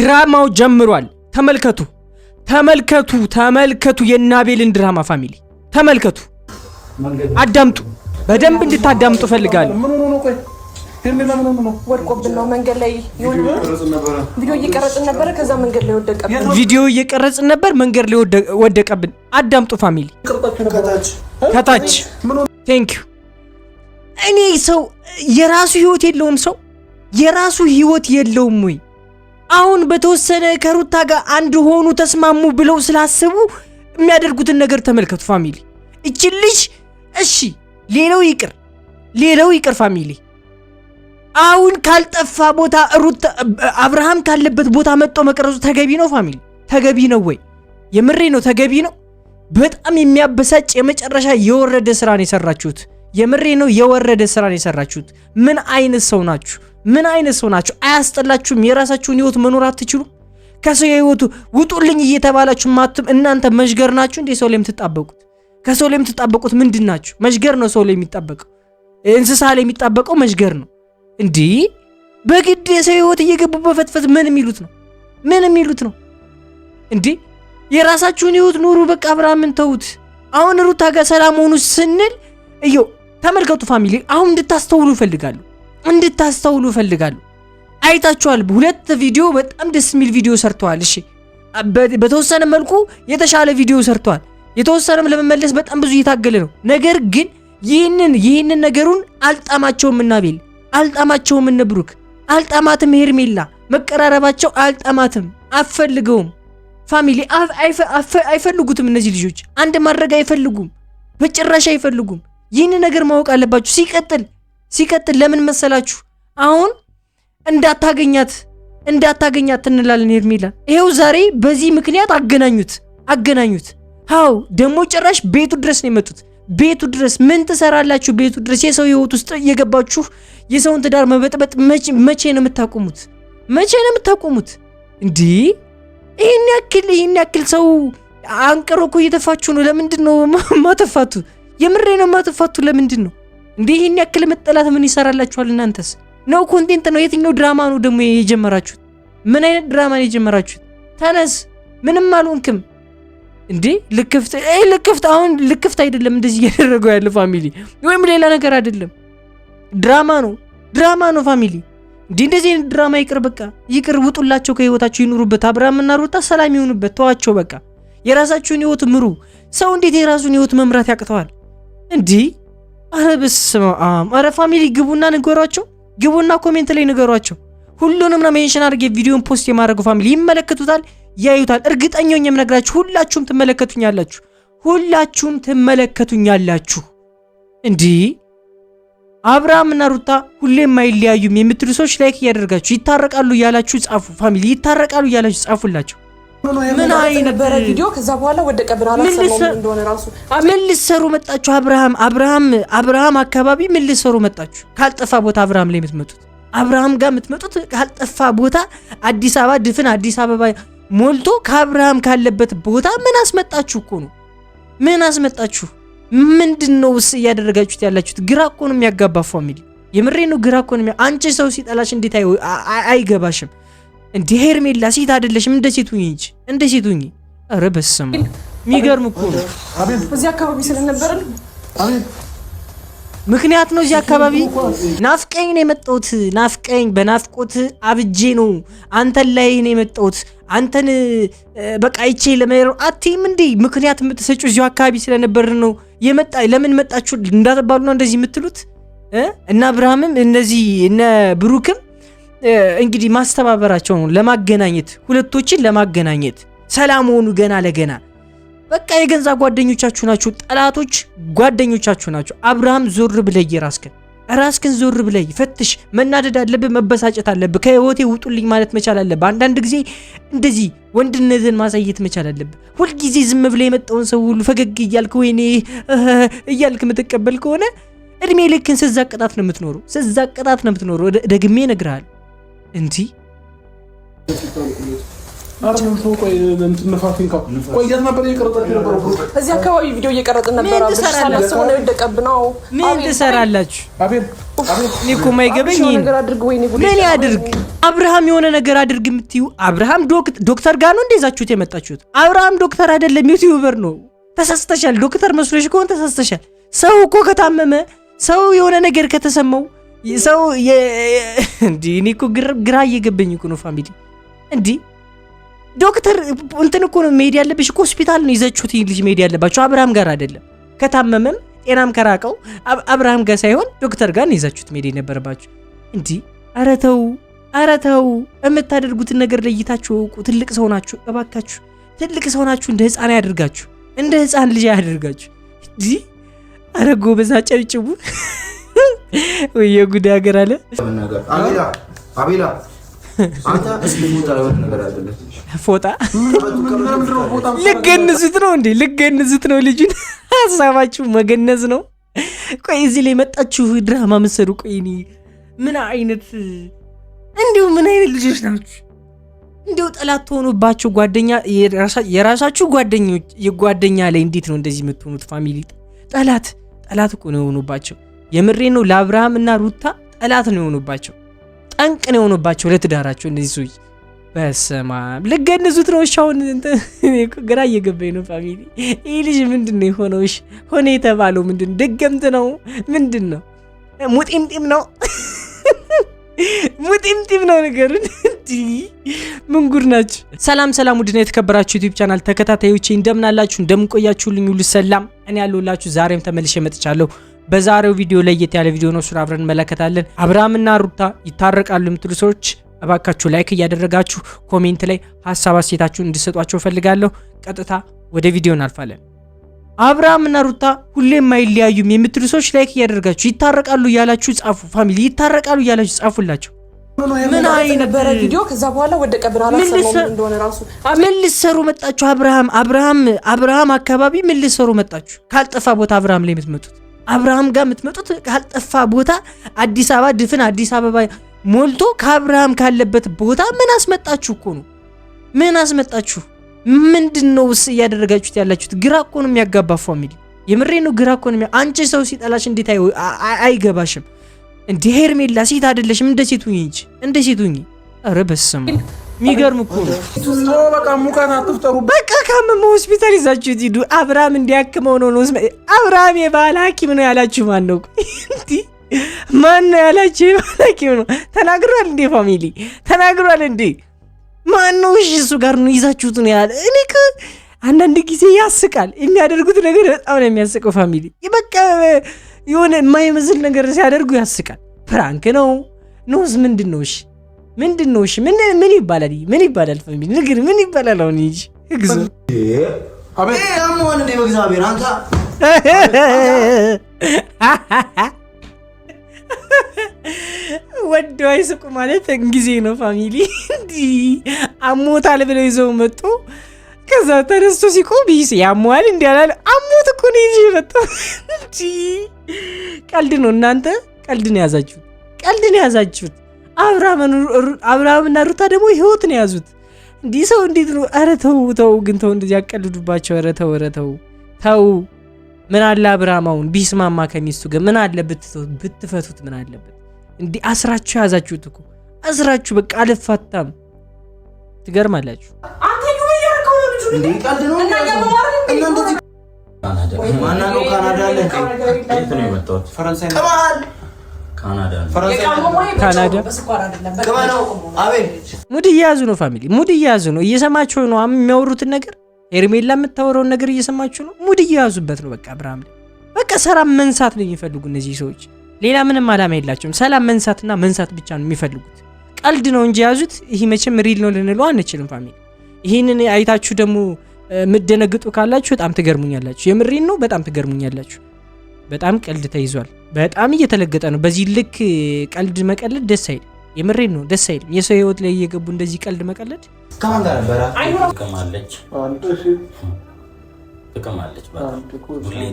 ድራማው ጀምሯል። ተመልከቱ፣ ተመልከቱ፣ ተመልከቱ የናቤልን ድራማ ፋሚሊ ተመልከቱ፣ አዳምጡ። በደንብ እንድታዳምጡ እፈልጋለሁ። ቪዲዮ እየቀረጽን ቪዲዮ እየቀረጽን ነበር፣ መንገድ ላይ ወደቀብን። አዳምጡ ፋሚሊ ከታች ቴንክ ዩ። እኔ ሰው የራሱ ህይወት የለውም ሰው የራሱ ህይወት የለውም ወይ? አሁን በተወሰነ ከሩታ ጋር አንድ ሆኑ ተስማሙ ብለው ስላሰቡ የሚያደርጉትን ነገር ተመልከቱ ፋሚሊ። እቺ ልጅ እሺ፣ ሌላው ይቅር፣ ሌላው ይቅር ፋሚሊ። አሁን ካልጠፋ ቦታ ሩታ አብርሃም ካለበት ቦታ መጥቶ መቅረጹ ተገቢ ነው ፋሚሊ? ተገቢ ነው ወይ? የምሬ ነው፣ ተገቢ ነው። በጣም የሚያበሳጭ የመጨረሻ የወረደ ስራ ነው የሰራችሁት። የምሬ ነው፣ የወረደ ስራ ነው የሰራችሁት። ምን አይነት ሰው ናችሁ? ምን አይነት ሰው ናቸው? አያስጠላችሁም? የራሳችሁን ህይወት መኖር አትችሉ? ከሰው የህይወቱ ውጡልኝ እየተባላችሁ ማትም እናንተ መሽገር ናችሁ እንዴ? ሰው ላይ የምትጣበቁት ከሰው ላይ የምትጣበቁት ምንድን ናችሁ? መሽገር ነው ሰው ላይ የሚጣበቀው። እንስሳ ላይ የሚጣበቀው መሽገር ነው። እንዲህ በግድ የሰው ህይወት እየገቡ በፈትፈት ምን የሚሉት ነው? ምን የሚሉት ነው? እንዲህ የራሳችሁን ህይወት ኑሩ። በቃ አብርሃምን ተዉት። አሁን ሩታ ጋር ሰላም ሆኑ ስንል እዮ ተመልከቱ ፋሚሊ። አሁን እንድታስተውሉ ይፈልጋሉ? እንድታስተውሉ እፈልጋለሁ። አይታችኋል፣ ሁለት ቪዲዮ በጣም ደስ የሚል ቪዲዮ ሰርተዋል። እሺ፣ በተወሰነ መልኩ የተሻለ ቪዲዮ ሰርተዋል። የተወሰነም ለመመለስ በጣም ብዙ እየታገለ ነው። ነገር ግን ይህንን ይህንን ነገሩን አልጣማቸውም እና ቤል አልጣማቸውም እና አልጣማትም። ሄርሜላ መቀራረባቸው አልጣማትም፣ አፈልገውም ፋሚሊ አይፈልጉትም። እነዚህ ልጆች አንድ ማድረግ አይፈልጉም፣ በጭራሽ አይፈልጉም። ይህንን ነገር ማወቅ አለባችሁ። ሲቀጥል ሲቀጥል ለምን መሰላችሁ አሁን እንዳታገኛት እንዳታገኛት እንላለን ሄርሜላ። ይሄው ዛሬ በዚህ ምክንያት አገናኙት አገናኙት። አዎ ደግሞ ጭራሽ ቤቱ ድረስ ነው የመጡት። ቤቱ ድረስ ምን ትሰራላችሁ? ቤቱ ድረስ የሰው ህይወት ውስጥ እየገባችሁ የሰውን ትዳር መበጥበጥ መቼ ነው የምታቆሙት? መቼ ነው የምታቆሙት? እንዲህ ይህን ያክል ይህን ያክል ሰው አንቀሮ እኮ እየተፋችሁ ነው። ለምንድን ነው ማተፋቱ? የምሬ ነው ማተፋቱ ለምንድን ነው? እንዲህ ይህን ያክል መጠላት ምን ይሰራላችኋል? እናንተስ ነው ኮንቴንት ነው? የትኛው ድራማ ነው ደግሞ የጀመራችሁት? ምን አይነት ድራማ ነው የጀመራችሁት? ተነስ፣ ምንም አልሆንክም። እንዴ ልክፍት ልክፍት አሁን ልክፍት አይደለም እንደዚህ እያደረገው ያለ ፋሚሊ ወይም ሌላ ነገር አይደለም፣ ድራማ ነው ድራማ ነው ፋሚሊ። እንዲ እንደዚህ ድራማ ይቅር፣ በቃ ይቅር፣ ውጡላቸው፣ ከህይወታቸው ይኑሩበት። እና ሩታ ሰላም ይሆኑበት፣ ተዋቸው በቃ። የራሳችሁን ህይወት ምሩ። ሰው እንዴት የራሱን ህይወት መምራት ያቅተዋል እንዲህ አረ በስመ አብ! አረ ፋሚሊ ግቡና ንገሯቸው፣ ግቡና ኮሜንት ላይ ንገሯቸው። ሁሉንም ነው ሜንሽን አድርጌ ቪዲዮን ፖስት የማድረጉ ፋሚሊ ይመለከቱታል፣ ያዩታል። እርግጠኛ ነኝ የምነግራችሁ ሁላችሁም ትመለከቱኛላችሁ፣ ሁላችሁም ትመለከቱኛላችሁ። እንዲህ አብርሃምና ሩታ ሁሌም አይለያዩም የምትሉ ሰዎች ላይክ እያደረጋችሁ ይታረቃሉ እያላችሁ ጻፉ ፋሚሊ፣ ይታረቃሉ እያላችሁ ጻፉላቸው። ምን አይነት ቪዲዮ ከዛ በኋላ ወደቀ ብርሃን እንደሆነ ራሱ ምን ልትሰሩ መጣችሁ? አብርሃም አብርሃም አብርሃም አካባቢ ምን ልትሰሩ መጣችሁ? ካልጠፋ ቦታ አብርሃም ላይ የምትመጡት አብርሃም ጋር የምትመጡት ካልጠፋ ቦታ አዲስ አበባ ድፍን አዲስ አበባ ሞልቶ ከአብርሃም ካለበት ቦታ ምን አስመጣችሁ እኮ ነው። ምን አስመጣችሁ? ምንድን ነው ውስ እያደረጋችሁት ያላችሁት? ግራ እኮ ነው የሚያጋባ ፋሚሊ። የምሬ ነው። ግራ እኮ ነው። አንቺ ሰው ሲጠላሽ እንዴት አይገባሽም? እንዲ ሄርሜላ ሴት አይደለሽም። እንደ ሴት ሁኚ እንጂ እንደ ሴት ሁኚ። ኧረ በስመ አብ የሚገርም እኮ ነው። እዚህ አካባቢ ስለነበረ ምክንያት ነው። እዚህ አካባቢ ናፍቀኝ ነው የመጣሁት። ናፍቀኝ በናፍቆት አብጄ ነው አንተን ላይ ነው የመጣሁት። አንተን በቃ ይቼ ለመሄድ ነው አትይም እንዴ? ምክንያት የምትሰጩ እዚሁ አካባቢ ስለነበር ነው የመጣ ለምን መጣችሁ እንዳትባሉና እንደዚህ የምትሉት እና ብርሃምም እነዚህ እነ ብሩክም እንግዲህ ማስተባበራቸው ነው ለማገናኘት ሁለቶችን ለማገናኘት ሰላም ሆኑ ገና ለገና በቃ የገንዛ ጓደኞቻችሁ ናችሁ ጠላቶች ጓደኞቻችሁ ናቸው አብርሃም ዞር ብለይ ራስክን ራስክን ዞር ብለይ ፈትሽ መናደድ አለብህ መበሳጨት አለብህ ከህይወቴ ውጡልኝ ማለት መቻል አለብህ አንዳንድ ጊዜ እንደዚህ ወንድነትን ማሳየት መቻል አለብህ ሁልጊዜ ዝም ብለህ የመጣውን ሰው ሁሉ ፈገግ እያልክ ወይኔ እያልክ የምትቀበል ከሆነ እድሜ ልክን ስዛ ቅጣት ነው የምትኖሩ ስዛ ቅጣት ነው የምትኖሩ ደግሜ ነግርሃል እንቲ እዚህ አካባቢ ቪዲዮ እየቀረጥን ነበረ። ምን ትሰራላችሁ? እኔ እኮ የማይገባኝ ምን ያድርግ አብርሃም የሆነ ነገር አድርግ የምትዩ አብርሃም ዶክተር ጋር ነው እንደዛችሁት የመጣችሁት። አብርሃም ዶክተር አይደለም ዩቲዩበር ነው። ተሳስተሻል። ዶክተር መስሎሽ ከሆነ ተሳስተሻል። ሰው እኮ ከታመመ ሰው የሆነ ነገር ከተሰማው ሰው እንዲህ እኔ እኮ ግራ እየገበኝ እኮ ነው። ፋሚሊ እንዲህ ዶክተር እንትን እኮ ነው መሄድ ያለብሽ እኮ ሆስፒታል ነው ይዘችሁት ልጅ መሄድ ያለባቸው አብርሃም ጋር አይደለም። ከታመመም ጤናም ከራቀው አብርሃም ጋር ሳይሆን ዶክተር ጋር ነው ይዛችሁት መሄድ የነበረባችሁ። እንዲህ ኧረ ተው፣ ኧረ ተው። የምታደርጉትን ነገር ለይታችሁ እውቁ። ትልቅ ሰው ናችሁ እባካችሁ፣ ትልቅ ሰው ናችሁ። እንደ ህፃን ያደርጋችሁ እንደ ህፃን ልጅ ያደርጋችሁ እንዲህ ኧረ ጎበዝ አጨብጭቡ። ወይ የጉድ ሀገር አለ። አቤላ አንተ ፎጣ ልገንዙት ነው እንዴ? ልገንዙት ነው ልጁን። ሀሳባችሁ መገነዝ ነው። ቆይ እዚህ ላይ መጣችሁ ድራማ መሰሩ። ቆይ እኔ ምን አይነት እንዲሁ ምን አይነት ልጆች ናችሁ? እንዲሁ ጠላት ተሆኑባቸው ጓደኛ የራሳችሁ ጓደኞች የጓደኛ ላይ እንዴት ነው እንደዚህ የምትሆኑት? ፋሚሊ ጠላት ጠላት እኮ ነው የሆኑባቸው። የምሬ ነው። ለአብርሃም እና ሩታ ጠላት ነው የሆኑባቸው፣ ጠንቅ ነው የሆኑባቸው ለትዳራቸው። እነዚህ ሰዎች በስመ ልገንዙት ነው። እሺ ግራ እየገባኝ ነው። ፋሚሊ ይህ ልጅ ምንድን ነው የሆነው? እሺ ሆነ የተባለው ምንድን ደገምት ነው ምንድን ነው? ሙጢምጢም ነው ሙጢምጢም ነው ነገሩን ምንጉር ናቸው። ሰላም ሰላም፣ ውድና የተከበራችሁ ዩቲዩብ ቻናል ተከታታዮቼ እንደምናላችሁ እንደምንቆያችሁልኝ ሁሉ ሰላም፣ እኔ ያለሁላችሁ ዛሬም ተመልሼ መጥቻለሁ። በዛሬው ቪዲዮ ለየት ያለ ቪዲዮ ነው። እሱን አብረን እንመለከታለን። አብርሃምና ሩታ ይታረቃሉ የምትሉ ሰዎች እባካችሁ ላይክ እያደረጋችሁ ኮሜንት ላይ ሀሳብ አስተያየታችሁን እንድሰጧቸው ፈልጋለሁ። ቀጥታ ወደ ቪዲዮ እናልፋለን። አብርሃምና ሩታ ሁሌም አይለያዩም የምትሉ ሰዎች ላይክ እያደረጋችሁ ይታረቃሉ እያላችሁ ጻፉ። ፋሚሊ ይታረቃሉ እያላችሁ ጻፉላቸው። ምን አይነበረ ቪዲዮ? ከዛ በኋላ ወደቀ። ምን ልሰሩ መጣችሁ? አብርሃም አብርሃም አብርሃም አካባቢ ምን ልሰሩ መጣችሁ? ካልጠፋ ቦታ አብርሃም ላይ የምትመጡት አብርሃም ጋር የምትመጡት ካልጠፋ ቦታ አዲስ አበባ ድፍን አዲስ አበባ ሞልቶ ከአብርሃም ካለበት ቦታ ምን አስመጣችሁ እኮ ነው? ምን አስመጣችሁ? ምንድን ነው ውስ እያደረጋችሁት ያላችሁት? ግራ እኮ ነው የሚያጋባ ፋሚሊ። የምሬ ነው፣ ግራ እኮ ነው። አንቺ ሰው ሲጠላሽ እንዴት አይገባሽም? እንዲህ ሄርሜላ ሴት አይደለሽም? እንደ ሴቱኝ እንጂ እንደ ሴቱኝ ሁኚ። የሚገርም እኮ ነው። በቃ ሙቀት አትፍጠሩ። በቃ ካመመ ሆስፒታል ይዛችሁ ሂዱ። አብርሃም እንዲያክመው ነው። ነው። አብርሃም የባህል ሐኪም ነው ያላችሁ ማን ነው? ማን ነው ያላችሁ የባህል ሐኪም ነው? ተናግሯል እንዴ? ፋሚሊ ተናግሯል እንዴ? ማን ነው? እሺ እሱ ጋር ነው ይዛችሁት ነው ያለ። እኔ አንዳንድ ጊዜ ያስቃል የሚያደርጉት ነገር በጣም ነው የሚያስቀው። ፋሚሊ በቃ የሆነ የማይመስል ነገር ሲያደርጉ ያስቃል። ፕራንክ ነው ኖስ ምንድን ነው? እሺ ምንድን ነው? እሺ ምን ምን ይባላል? ምን ይባላል? ፈሚ ንግር ምን ይባላል? አሁን እንጂ እግዙ ወዶ አይስቁ ማለት ጊዜ ነው። ፋሚሊ እንዲህ አሞታል ብለው ይዘው መጡ። ከዛ ተነስቶ ሲቆም ይስ ያሟል እንዲ ያላለ አሞት እኮ ነው ይዤ መጣሁ። ቀልድ ነው እናንተ ቀልድ ነው የያዛችሁት፣ ቀልድ ነው የያዛችሁት። አብርሃምና ሩታ ደግሞ ህይወት ነው የያዙት። እንዲህ ሰው እንዴት ነው? ኧረ ተው ተው፣ ግን ተው እንደዚህ ያቀልዱባቸው። ኧረ ተው ኧረ ተው ተው። ምን አለ አብርሃም አሁን ቢስማማ ከሚስቱ ጋር ምን አለ ብትፈቱት? ምን አለበት? እንዲህ አስራችሁ የያዛችሁት እኮ አስራችሁ በቃ አልፋታም። ትገርማላችሁ። ካናዳ ነው ካናዳ ሙድ እየያዙ ነው። ፋሚሊ ሙድ እየያዙ ነው። እየሰማችሁ ነው የሚያወሩትን ነገር፣ ኤርሜላ የምታወራውን ነገር እየሰማችሁ ነው። ሙድ እየያዙበት ነው። በቃ አብርሃም በቃ ሰላም መንሳት ነው የሚፈልጉ እነዚህ ሰዎች። ሌላ ምንም አላማ የላቸውም። ሰላም መንሳትና መንሳት ብቻ ነው የሚፈልጉት። ቀልድ ነው እንጂ የያዙት ይህ መቼም ሪል ነው ልንለው አንችልም። ፋሚሊ ይህንን አይታችሁ ደግሞ የምትደነግጡ ካላችሁ በጣም ትገርሙኛላችሁ። የምሬን ነው። በጣም ትገርሙኛላችሁ። በጣም ቀልድ ተይዟል። በጣም እየተለገጠ ነው። በዚህ ልክ ቀልድ መቀለድ ደስ አይል። የምሬ ነው፣ ደስ አይል። የሰው ህይወት ላይ እየገቡ እንደዚህ ቀልድ መቀለድ ምንም እሺ አንተ ከማን ጋር ነበረ? ትቅማለች ትቅማለች ምንም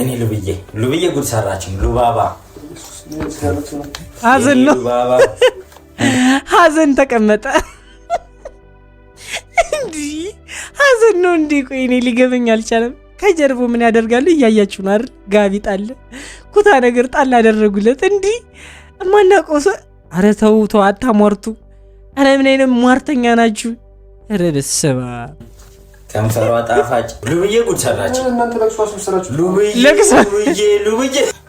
እኔ ልብዬ ልብዬ ጉድ ሰራችን። ሉባባ ሀዘን ነው። ሀዘን ተቀመጠ እንዲህ ሀዘን ነው እንዴ? ቆይ እኔ ሊገበኝ አልቻለም። ከጀርቦ ምን ያደርጋሉ? እያያችሁ ነው አይደል? ጋቢ ጣለ ኩታ ነገር ጣል አደረጉለት። እንዲህ ማናውቀው ሰው አረ ተው ተው፣ አታሟርቱ። አረ ምን አይነት ሟርተኛ ናችሁ? ኧረ ከንፈሯ ጣፋጭ ጉድ ሰራች።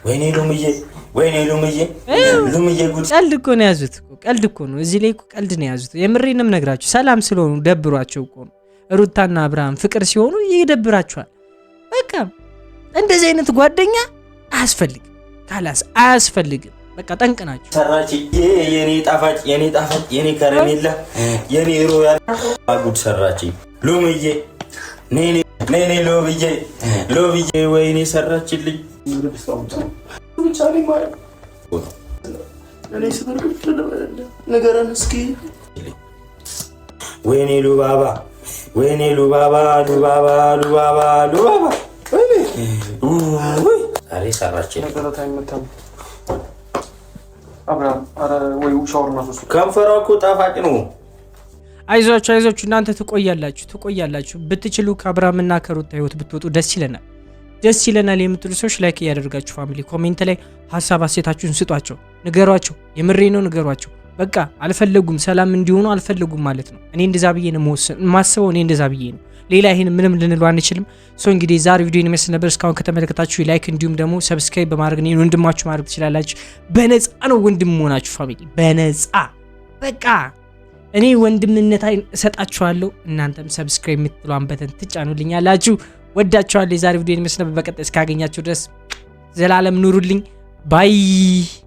ወይኔ ሉምዬ ወይኔ ሉምዬ ሉምዬ ጉድ። ቀልድ እኮ ነው ያዙት፣ ቀልድ እኮ ነው እዚህ ላይ ቀልድ ነው ያዙት። የምሬንም ነግራችሁ ሰላም ስለሆኑ ደብሯቸው እኮ ነው። ሩታና አብርሃም ፍቅር ሲሆኑ ይደብራችኋል። በቃ እንደዚህ አይነት ጓደኛ አያስፈልግም፣ ካላስ አያስፈልግም። በቃ ጠንቅ ናቸው። ሰራች የኔ ጣፋጭ፣ የኔ ጣፋጭ፣ የኔ ከረሜላ፣ የኔ ሮያል ጉድ ሰራች ሉምዬ ኔኔ ሎብዬ ሎብዬ ወይኔ ሰራችልኝ። ወይኔ ሉባባ ወይኔ ሉባባ ሉባባ ሉባባ ሉባባ ዛሬ ሰራችልኝ። ከንፈሯ እኮ ጣፋጭ ነው። አይዟችሁ አይዟችሁ እናንተ ትቆያላችሁ ትቆያላችሁ ብትችሉ ከአብርሃምና ከሩታ ህይወት ብትወጡ ደስ ይለናል ደስ ይለናል የምትሉ ሰዎች ላይክ እያደርጋችሁ ፋሚሊ ኮሜንት ላይ ሀሳብ አሴታችሁን ስጧቸው ንገሯቸው የምሬ ነው ንገሯቸው በቃ አልፈለጉም ሰላም እንዲሆኑ አልፈለጉም ማለት ነው እኔ እንደዛ ብዬ ነው ማስበው እኔ እንደዛ ብዬ ነው ሌላ ይህን ምንም ልንለው አንችልም ሶ እንግዲህ ዛሬ ቪዲዮ የሚመስል ነበር እስካሁን ከተመለከታችሁ ላይክ እንዲሁም ደግሞ ሰብስክራይብ በማድረግ እኔን ወንድማችሁ ማድረግ ትችላላችሁ በነፃ ነው ወንድም መሆናችሁ ፋሚሊ በነፃ በቃ እኔ ወንድምነት እሰጣችኋለሁ። እናንተም ሰብስክራይብ የምትለዋን በተን ትጫኑልኛላችሁ። ወዳችኋለሁ። የዛሬ ቪዲዮ ይመስላል። በቀጣይ እስካገኛችሁ ድረስ ዘላለም ኑሩልኝ። ባይ